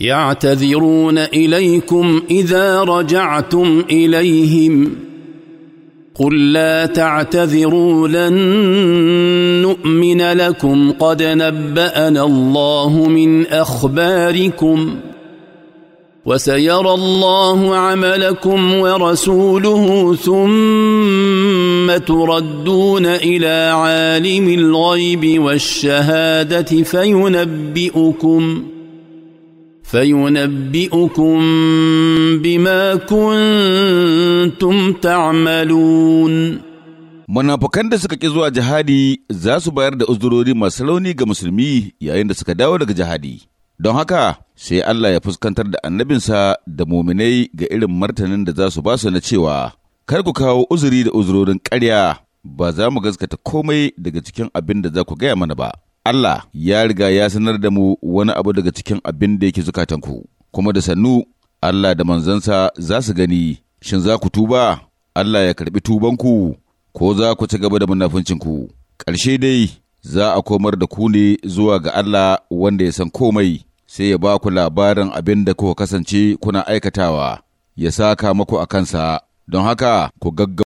يعتذرون اليكم اذا رجعتم اليهم قل لا تعتذروا لن نؤمن لكم قد نبانا الله من اخباركم وسيرى الله عملكم ورسوله ثم تردون الى عالم الغيب والشهاده فينبئكم فينبئكم بما كنتم تعملون Munafukan da suka ƙi zuwa jihadi za su bayar da uzurori masu rauni ga musulmi yayin da suka dawo daga jihadi. Don haka sai Allah ya fuskantar da annabinsa da muminai ga irin martanin da za su basu na cewa kar ku kawo uzuri da uzurorin ƙarya ba za mu gaskata komai daga cikin abin da za ku gaya mana ba. Allah ya riga ya sanar da mu wani abu daga cikin abin da yake zukatanku, kuma da sannu Allah da manzansa za su gani, shin za ku tuba, Allah ya karɓi tubanku, ko za ku ci gaba da munafuncinku. Ƙarshe dai za a komar da ku ne zuwa ga Allah wanda ya san komai, sai ya ba ku labarin abin da kuka kasance kuna aikatawa, ya saka maku a kansa. don haka ku gaggawa.